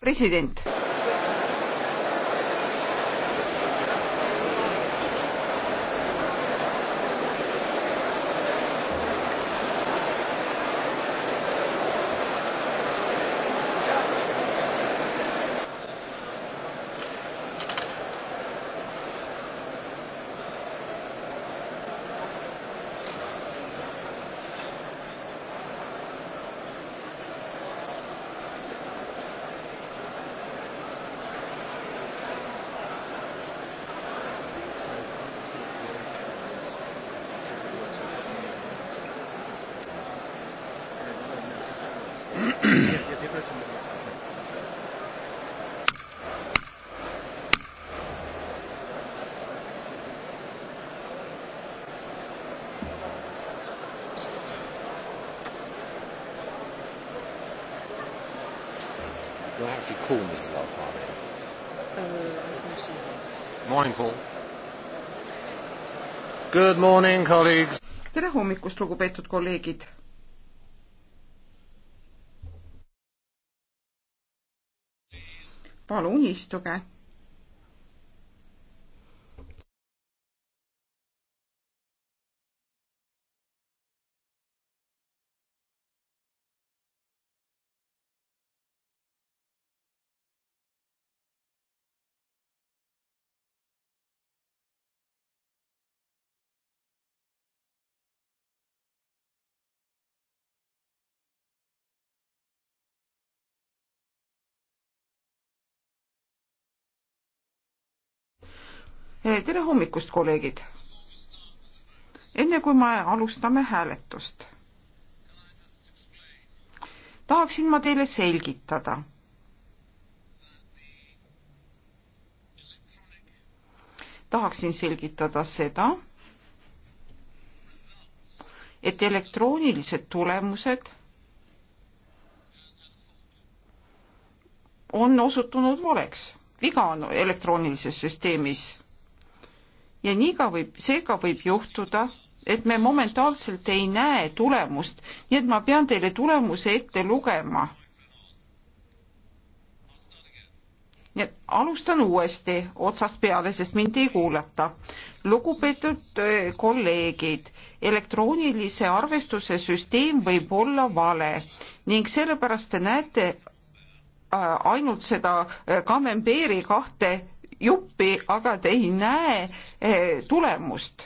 härra president You'll have to call Mrs. Alfano. Uh, Morning, Paul. Good morning, colleagues. tere hommikust, lugupeetud kolleegid. palun istuge Eh, tere hommikust, kolleegid! enne kui me alustame hääletust, tahaksin ma teile selgitada, tahaksin selgitada seda, et elektroonilised tulemused on osutunud valeks. viga on elektroonilises süsteemis ja nii ka võib, seega võib juhtuda, et me momentaalselt ei näe tulemust, nii et ma pean teile tulemuse ette lugema. nii et alustan uuesti otsast peale, sest mind ei kuulata. lugupeetud äh, kolleegid, elektroonilise arvestuse süsteem võib olla vale ning sellepärast te näete äh, ainult seda äh, Camemberi kahte juppi, aga te ei näe eh, tulemust.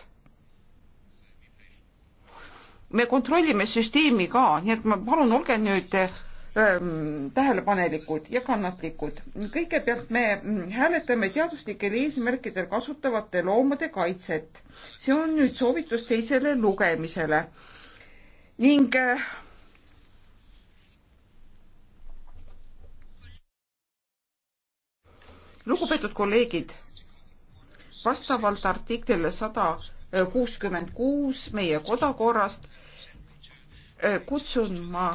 me kontrollime süsteemi ka, nii et ma palun, olge nüüd ehm, tähelepanelikud ja kannatlikud. kõigepealt me mm, hääletame teaduslikel eesmärkidel kasutavate loomade kaitset. see on nüüd soovitus teisele lugemisele ning eh, lugupeetud kolleegid, vastavalt artiklile sada kuuskümmend kuus meie kodakorrast eh, kutsun ma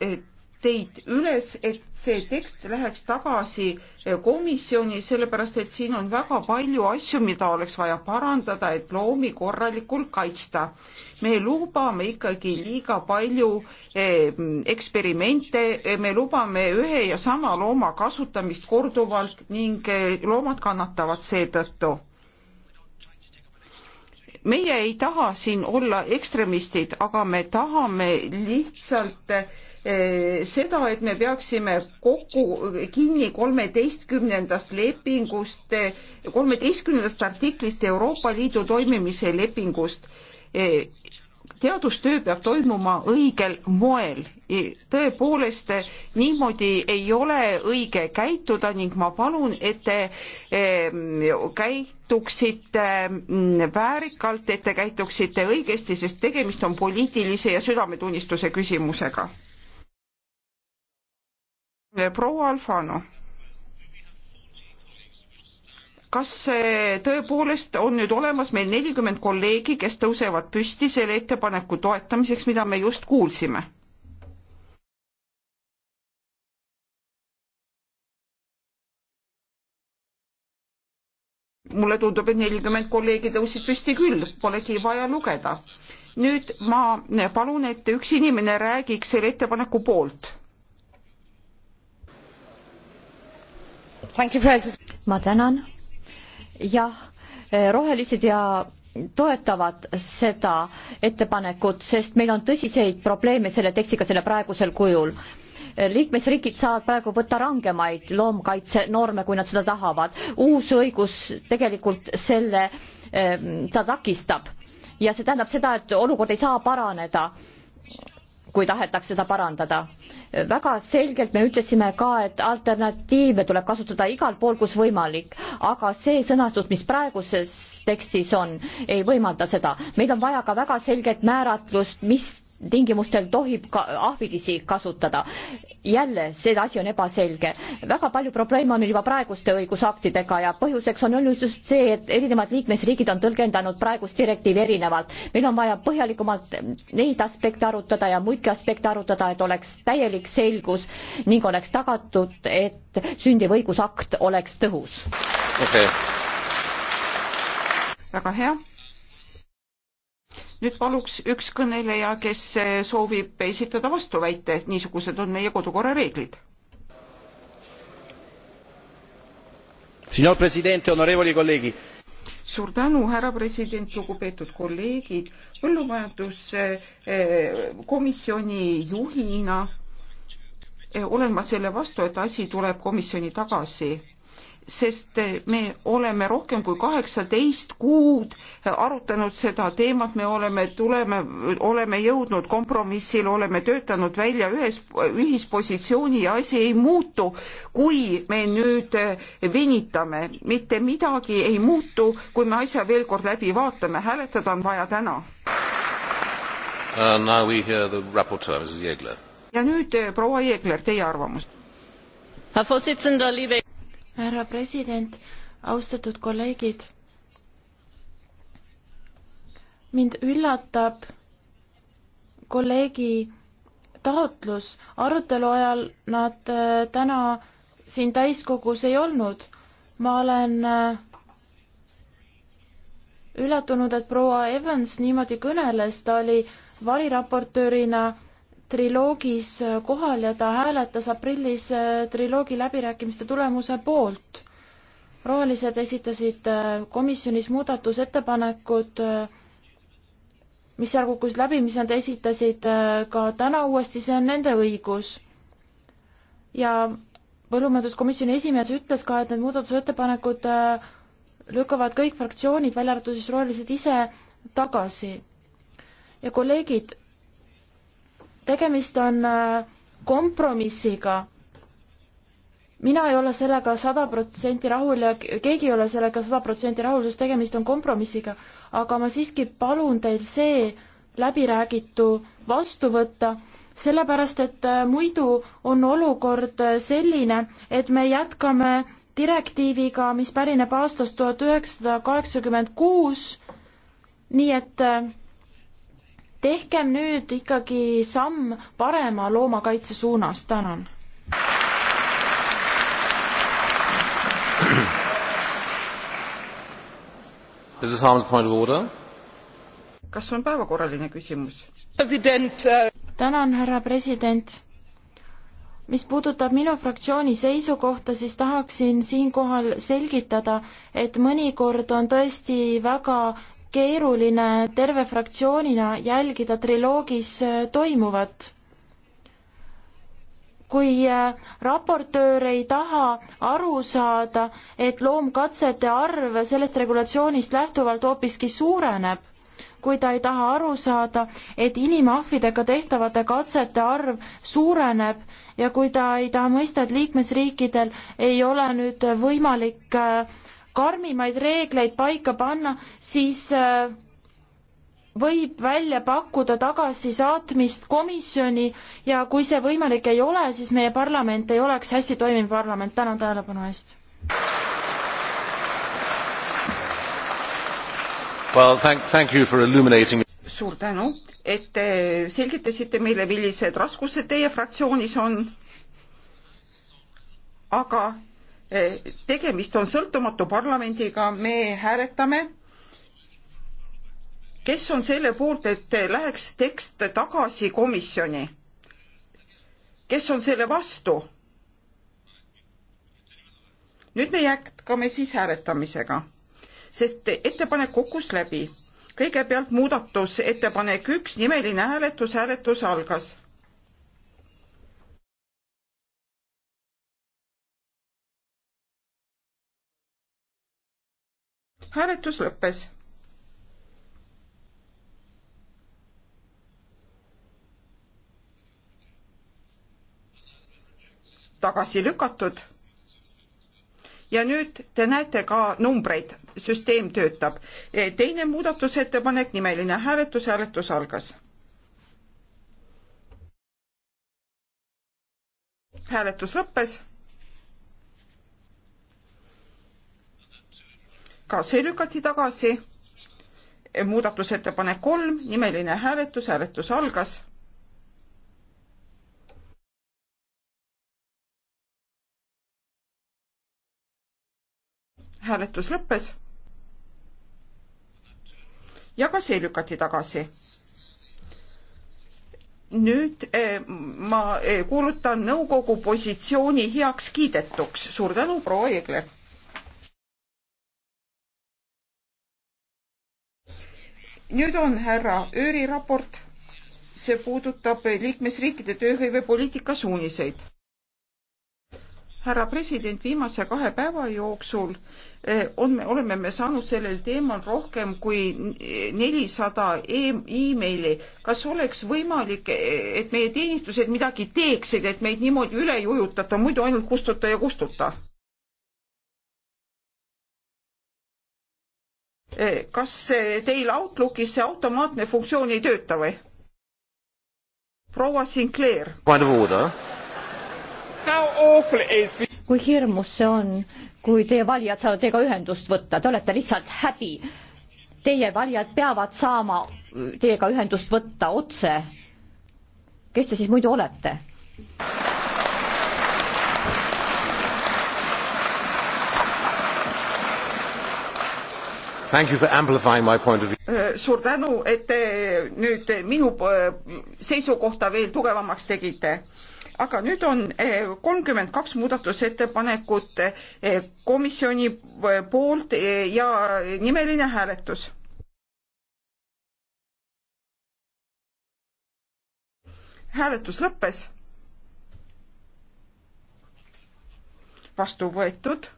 eh, teid üles, et see tekst läheks tagasi eh, komisjoni, sellepärast et siin on väga palju asju, mida oleks vaja parandada, et loomi korralikult kaitsta. me lubame ikkagi liiga palju eh, eksperimente, me lubame ühe ja sama looma kasutamist korduvalt ning eh, loomad kannatavad seetõttu meie ei taha siin olla ekstremistid, aga me tahame lihtsalt eh, seda, et me peaksime kokku kinni kolmeteistkümnendast lepingust, kolmeteistkümnendast artiklist Euroopa Liidu toimimise lepingust eh, teadustöö peab toimuma õigel moel. tõepoolest niimoodi ei ole õige käituda ning ma palun, et te ehm, käituksite mm, väärikalt, et te käituksite õigesti, sest tegemist on poliitilise ja südametunnistuse küsimusega. proua Alfano kas tõepoolest on nüüd olemas meil nelikümmend kolleegi, kes tõusevad püsti selle ettepaneku toetamiseks, mida me just kuulsime? mulle tundub, et nelikümmend kolleegi tõusid püsti küll, polegi vaja lugeda. nüüd ma palun, et üks inimene räägiks selle ettepaneku poolt. ma tänan jah, eh, rohelised ja toetavad seda ettepanekut, sest meil on tõsiseid probleeme selle tekstiga selle praegusel kujul. Eh, liikmesriigid saavad praegu võtta rangemaid loomkaitsenorme, kui nad seda tahavad. uus õigus tegelikult selle, seda eh, takistab ja see tähendab seda, et olukord ei saa paraneda kui tahetakse seda parandada. väga selgelt me ütlesime ka, et alternatiive tuleb kasutada igal pool, kus võimalik, aga see sõnastus, mis praeguses tekstis on, ei võimalda seda. meil on vaja ka väga selget määratlust, mis tingimustel tohib ka ahvilisi kasutada. jälle, see asi on ebaselge. väga palju probleeme on meil juba praeguste õigusaktidega ja põhjuseks on olnud just see, et erinevad liikmesriigid on tõlgendanud praegust direktiivi erinevalt. meil on vaja põhjalikumalt neid aspekte arutada ja muidki aspekte arutada, et oleks täielik selgus ning oleks tagatud, et sündiv õigusakt oleks tõhus okay.. väga hea nüüd paluks üks kõneleja, kes soovib esitada vastuväite, niisugused on meie kodukorra reeglid. suur tänu, härra president, lugupeetud kolleegid, põllumajanduskomisjoni eh, juhina eh, olen ma selle vastu, et asi tuleb komisjoni tagasi sest me oleme rohkem kui kaheksateist kuud arutanud seda teemat, me oleme, tuleme, oleme jõudnud kompromissile, oleme töötanud välja ühes, ühispositsiooni ja asi ei muutu, kui me nüüd venitame. mitte midagi ei muutu, kui me asja veel kord läbi vaatame, hääletada on vaja täna uh,. ja nüüd proua Jeegler, teie arvamus? Herr Vorsitzender, liebe härra president, austatud kolleegid. mind üllatab kolleegi taotlus, arutelu ajal nad äh, täna siin täiskogus ei olnud. ma olen äh, üllatunud, et proua Evans niimoodi kõneles, ta oli variraportöörina triloogis kohal ja ta hääletas aprillis äh, triloogi läbirääkimiste tulemuse poolt. rohelised esitasid äh, komisjonis muudatusettepanekud, äh, mis seal kukkusid läbi, mis nad esitasid ka täna uuesti, see on nende õigus. ja põllumajanduskomisjoni esimees ütles ka, et need muudatusettepanekud lükkavad kõik fraktsioonid, välja arvatud siis rohelised ise, tagasi. ja kolleegid, tegemist on äh, kompromissiga. mina ei ole sellega sada protsenti rahul ja keegi ei ole sellega sada protsenti rahul, sest tegemist on kompromissiga, aga ma siiski palun teil see läbiräägitu vastu võtta sellepärast, et äh, muidu on olukord äh, selline, et me jätkame direktiiviga, mis pärineb aastast tuhat üheksasada kaheksakümmend kuus, nii et tehkem nüüd ikkagi samm parema loomakaitse suunas, tänan. kas on päevakorraline küsimus? Äh, tänan, härra president mis puudutab minu fraktsiooni seisukohta, siis tahaksin siinkohal selgitada, et mõnikord on tõesti väga keeruline terve fraktsioonina jälgida triloogis äh, toimuvat. kui äh, raportöör ei taha aru saada, et loomkatsete arv sellest regulatsioonist lähtuvalt hoopiski suureneb, kui ta ei taha aru saada, et inimahvidega tehtavate katsete arv suureneb ja kui ta ei taha mõista, et liikmesriikidel ei ole nüüd võimalik äh, karmimaid reegleid paika panna, siis äh, võib välja pakkuda tagasisaatmist komisjoni ja kui see võimalik ei ole, siis meie parlament ei oleks hästi toimiv parlament. tänan tähelepanu eest. Well, thank, thank you for illuminating suur tänu, et te selgitasite meile, millised raskused teie fraktsioonis on. aga tegemist on sõltumatu parlamendiga, me hääletame. kes on selle poolt, et läheks tekst tagasi komisjoni? kes on selle vastu? nüüd me jätkame siis hääletamisega, sest ettepanek kukkus läbi. kõigepealt muudatusettepanek üks, nimeline hääletus, hääletus algas hääletus lõppes. tagasi lükatud. ja nüüd te näete ka numbreid, süsteem töötab. E, teine muudatusettepanek, nimeline hääletus, hääletus algas. hääletus lõppes ka see lükati tagasi. muudatusettepanek kolm, nimeline hääletus, hääletus algas. hääletus lõppes. ja ka see lükati tagasi nüüd eh, ma eh, kuulutan nõukogu positsiooni heaks kiidetuks. suur tänu, proua Jeegle! nüüd on härra Ööri raport, see puudutab liikmesriikide tööhõivepoliitika suuniseid. härra president, viimase kahe päeva jooksul eh, on, oleme me saanud sellel teemal rohkem kui nelisada e-, emaili. kas oleks võimalik, et meie teenistused midagi teeksid, et meid niimoodi üle ei ujutata, muidu ainult kustuta ja kustuta? Eh, kas teil Outlookis see automaatne funktsioon ei tööta või? proua Sinclair. kui hirmus see on, kui teie valijad saavad teiega ühendust võtta, te olete lihtsalt häbi. Teie valijad peavad saama teiega ühendust võtta otse. kes te siis muidu olete? Äh, suur tänu, et te nüüd minu äh, seisukohta veel tugevamaks tegite. aga nüüd on äh, kolmkümmend kaks muudatusettepanekut komisjoni poolt ja nimeline hääletus. hääletus lõppes. vastu võetud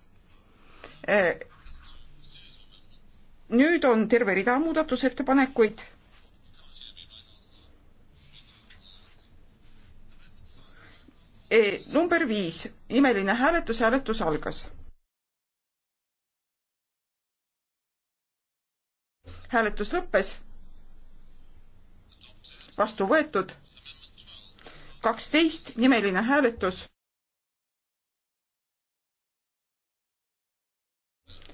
nüüd on terve rida muudatusettepanekuid. E, number viis, imeline hääletus, hääletus algas. hääletus lõppes. vastu võetud. kaksteist, nimeline hääletus.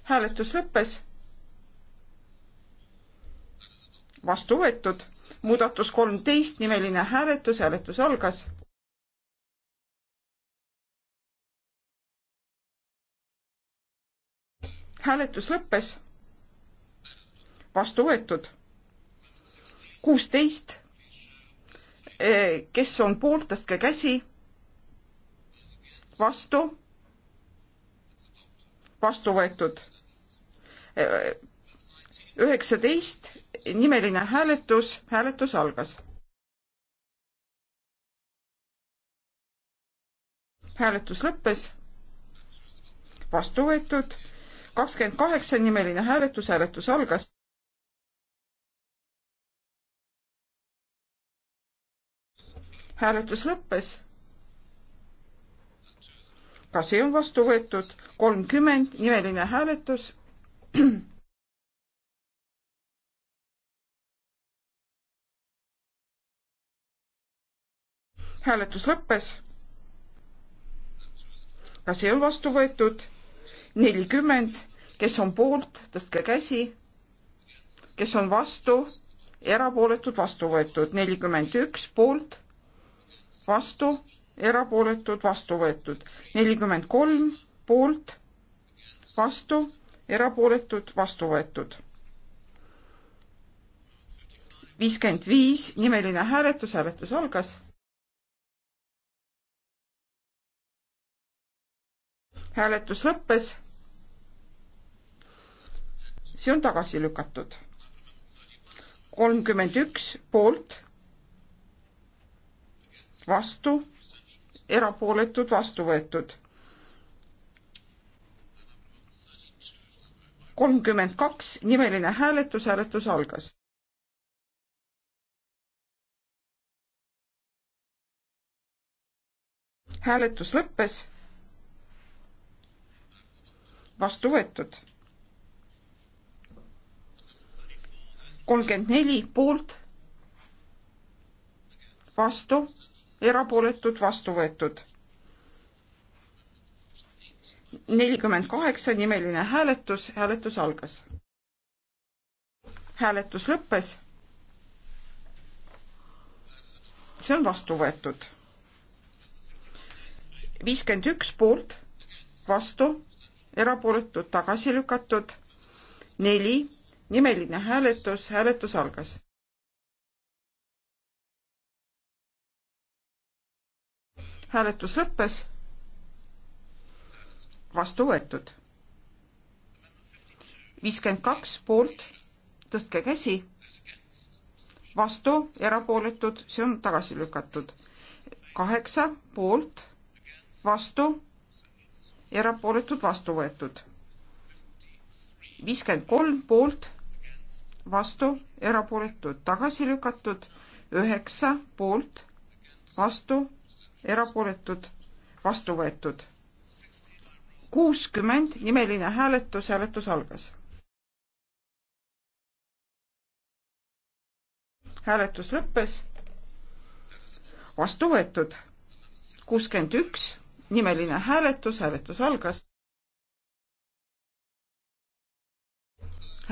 hääletus lõppes vastu võetud. muudatus kolmteist, nimeline hääletus, hääletus algas. hääletus lõppes. vastu võetud. kuusteist. Eh, kes on poolt, tõstke käsi. vastu. vastu võetud eh, eh, üheksateist nimeline hääletus, hääletus algas. hääletus lõppes, vastu võetud, kakskümmend kaheksa nimeline hääletus, hääletus algas. hääletus lõppes. ka see on vastu võetud, kolmkümmend nimeline hääletus hääletus lõppes. ka see on vastu võetud. nelikümmend, kes on poolt, tõstke käsi. kes on vastu, erapooletud, vastu võetud. nelikümmend üks poolt, vastu, erapooletud, vastu võetud. nelikümmend kolm poolt, vastu, erapooletud, vastu võetud viiskümmend viis, nimeline hääletus, hääletus algas hääletus lõppes. see on tagasi lükatud. kolmkümmend üks poolt, vastu, erapooletud, vastu võetud. kolmkümmend kaks, nimeline hääletus, hääletus algas. hääletus lõppes vastu võetud. kolmkümmend neli poolt, vastu, erapooletud, vastu võetud. nelikümmend kaheksa nimeline hääletus, hääletus algas. hääletus lõppes. see on vastu võetud. viiskümmend üks poolt, vastu erapooletud, tagasi lükatud. neli, nimeline hääletus, hääletus algas. hääletus lõppes. vastu võetud. viiskümmend kaks poolt, tõstke käsi. vastu, erapooletud, see on tagasi lükatud. kaheksa poolt, vastu erapooletud vastu võetud. viiskümmend kolm poolt, vastu, erapooletud tagasi lükatud, üheksa poolt, vastu, erapooletud vastu võetud. kuuskümmend nimeline hääletus, hääletus algas. hääletus lõppes, vastu võetud, kuuskümmend üks nimeline hääletus, hääletus algas.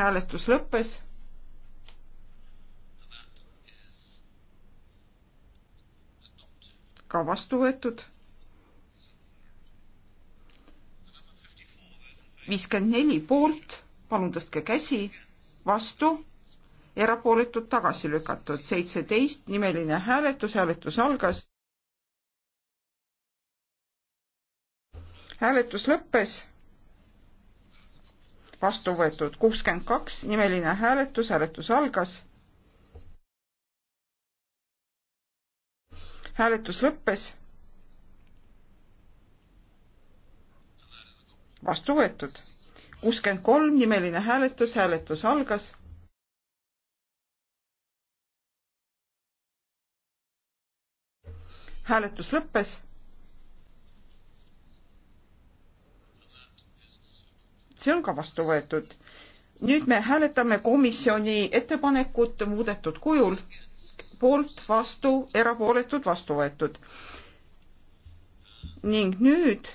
hääletus lõppes. ka vastu võetud. viiskümmend neli poolt, palun tõstke käsi, vastu, erapooletud tagasi lükatud, seitseteist nimeline hääletus, hääletus algas. hääletus lõppes. vastu võetud kuuskümmend kaks, nimeline hääletus, hääletus algas. hääletus lõppes. vastu võetud kuuskümmend kolm, nimeline hääletus, hääletus algas hääletus lõppes see on ka vastu võetud. nüüd me hääletame komisjoni ettepanekut muudetud kujul, poolt, vastu, erapooletud, vastu võetud. ning nüüd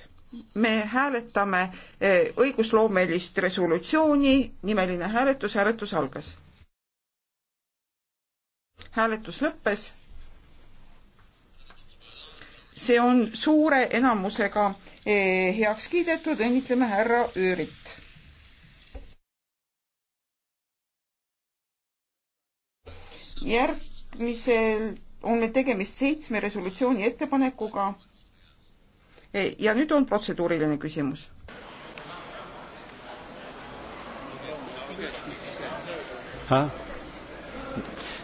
me hääletame eh, õigusloomelist resolutsiooni, nimeline hääletus, hääletus algas. hääletus lõppes see on suure enamusega eh, heaks kiidetud, õnnitleme härra Öörit. järgmisel on meil tegemist seitsme resolutsiooni ettepanekuga. Eh, ja nüüd on protseduuriline küsimus.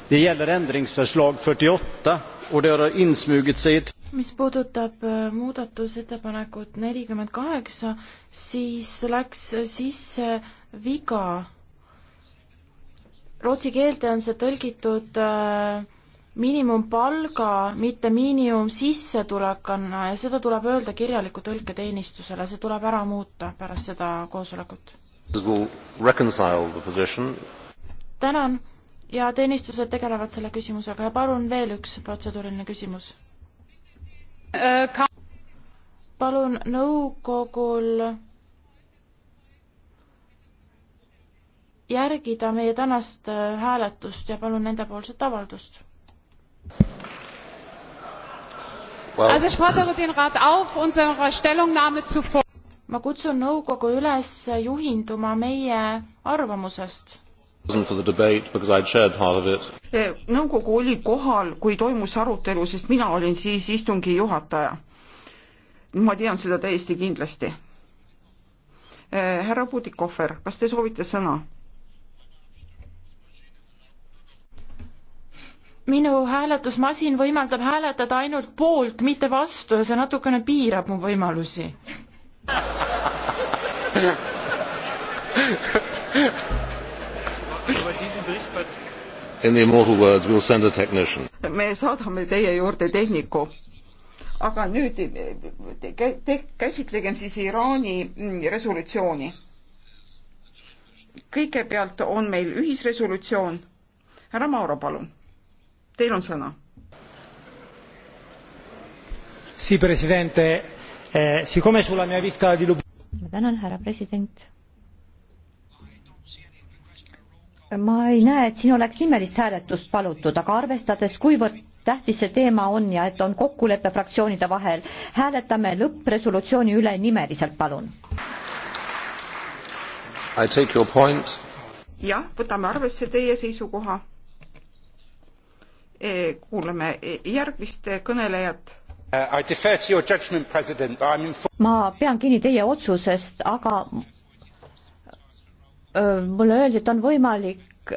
Det gäller ändringsförslag 48 och det har insmugit sig ett mis puudutab äh, muudatusettepanekut nelikümmend kaheksa, siis läks sisse viga. Rootsi keelde on see tõlgitud äh, miinimumpalga, mitte miinimumsissetulekuna ja seda tuleb öelda kirjaliku tõlketeenistusele, see tuleb ära muuta pärast seda koosolekut. tänan ja teenistused tegelevad selle küsimusega ja palun veel üks protseduuriline küsimus palun nõukogul järgida meie tänast äh, hääletust ja palun nendepoolset avaldust well.. ma kutsun nõukogu üles juhinduma meie arvamusest E, nõukogu oli kohal, kui toimus arutelu, sest mina olin siis istungi juhataja. ma tean seda täiesti kindlasti. E, härra Pudikohver, kas te soovite sõna? minu hääletusmasin võimaldab hääletada ainult poolt, mitte vastu ja see natukene piirab mu võimalusi this, but... In the immortal words, we will send a technician. me saadame teie juurde tehniku. aga nüüd te, te, käsitlegem siis Iraani mm, resolutsiooni. kõigepealt on meil ühisresolutsioon. härra Mauro, palun, teil on sõna. Si, presidente eh,, siccome sulla mia vista di ma tänan, härra president ma ei näe, et siin oleks nimelist hääletust palutud, aga arvestades, kuivõrd tähtis see teema on ja et on kokkulepe fraktsioonide vahel, hääletame lõppresolutsiooni üle nimeliselt, palun. jah, võtame arvesse teie seisukoha. E, kuulame järgmist kõnelejat uh, ma pean kinni teie otsusest, aga mulle öeldi, et on võimalik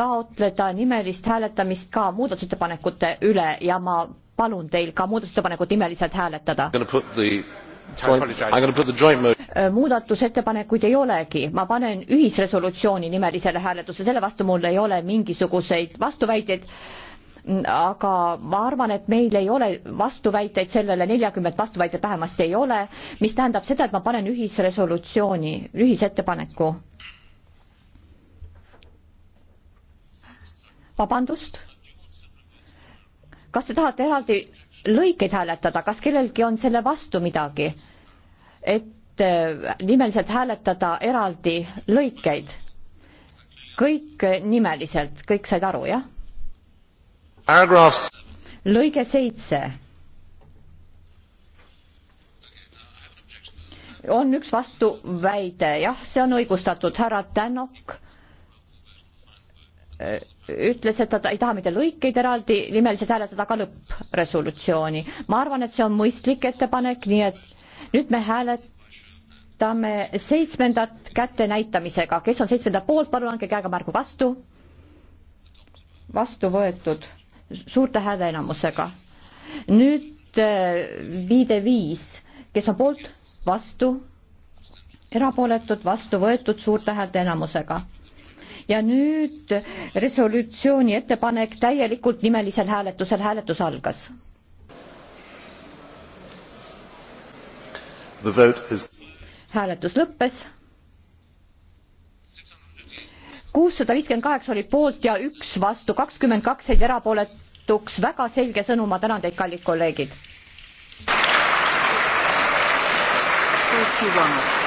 taotleda nimelist hääletamist ka muudatusettepanekute üle ja ma palun teil ka muudatusettepanekut nimeliselt hääletada. muudatusettepanekuid ei olegi, ma panen ühisresolutsiooni nimelisele hääletusele, selle vastu mul ei ole mingisuguseid vastuväiteid, aga ma arvan, et meil ei ole vastuväiteid sellele, neljakümmet vastuväidet vähemasti ei ole, mis tähendab seda, et ma panen ühisresolutsiooni, ühisettepaneku vabandust? kas te tahate eraldi lõikeid hääletada, kas kellelgi on selle vastu midagi? et äh, nimeliselt hääletada eraldi lõikeid? kõik nimeliselt, kõik said aru, jah? lõige seitse. on üks vastuväide, jah, see on õigustatud, härra Tänok äh, ütles, et ta ei taha mitte lõikeid eraldi nimeliselt hääletada, aga lõppresolutsiooni. ma arvan, et see on mõistlik ettepanek, nii et nüüd me hääletame seitsmendat kätenäitamisega, kes on seitsmenda poolt, palun andke käega märgu vastu. vastu võetud suurte hääle enamusega. nüüd äh, viide viis, kes on poolt, vastu, erapooletud, vastu võetud suurte häälte enamusega ja nüüd resolutsiooni ettepanek täielikult nimelisel hääletusel, hääletus algas. Is... hääletus lõppes. kuussada viiskümmend kaheksa oli poolt ja üks vastu, kakskümmend kaks jäid erapooletuks, väga selge sõnum, ma tänan teid, kallid kolleegid. 31.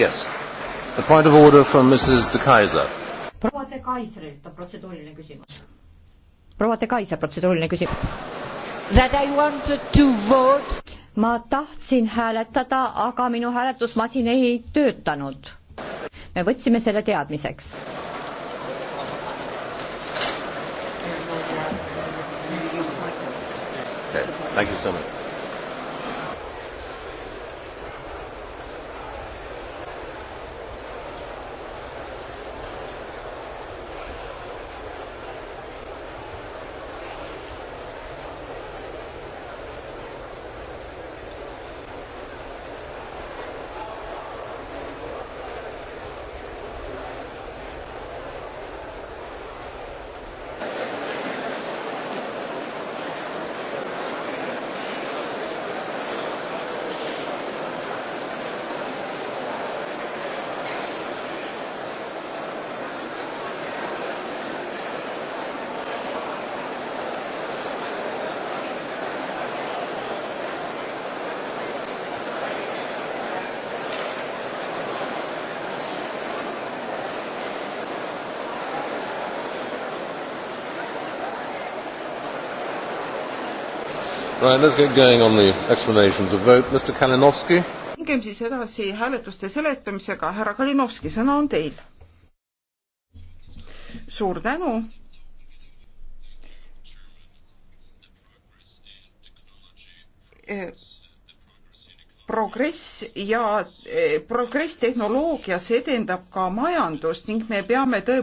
Yes. A point of order from Mrs De Kaiser. proua De Kaiserilt on protseduuriline küsimus. proua De Kaiser, protseduuriline küsimus. That I wanted to vote. ma tahtsin hääletada, aga minu hääletusmasin ei töötanud. me võtsime selle teadmiseks. Okay, thank you so much. Right, let's get going on the explanations of vote. Mr Kalinovski. mingem siis edasi hääletuste seletamisega, härra Kalinovski, sõna on teil. suur tänu. E, progress ja e, progress tehnoloogias edendab ka majandust ning me peame tõepoolest